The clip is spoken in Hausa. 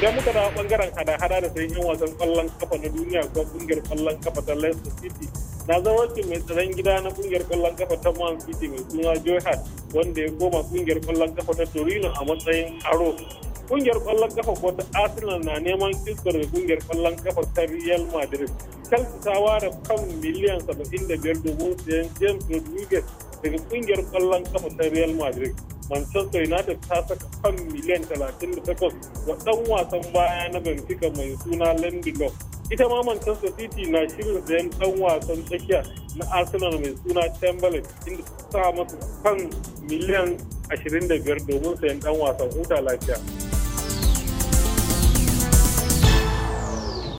idan muka da bangaren hada-hada da sai yan wasan kwallon kafa na duniya ko kungiyar kwallon kafa ta Leicester City na zawarci mai tsaron gida na kungiyar kwallon kafa ta Man City mai suna Joe wanda ya koma kungiyar kwallon kafa ta Torino a matsayin aro kungiyar kwallon kafa ko ta Arsenal na neman kiskar da kungiyar kwallon kafa ta Real Madrid Chelsea ta ware kan miliyan 75 domin sayan James Rodriguez daga kungiyar kwallon kafa ta real madrid manchester united ta saka kan miliyan 38 wa dan wasan baya na benfica mai suna lindelof ita ma manchester city na shirin sayan dan wasan tsakiya na arsenal mai suna chamberlain inda ta sa masa kan miliyan 25 domin sayan dan wasan huta lafiya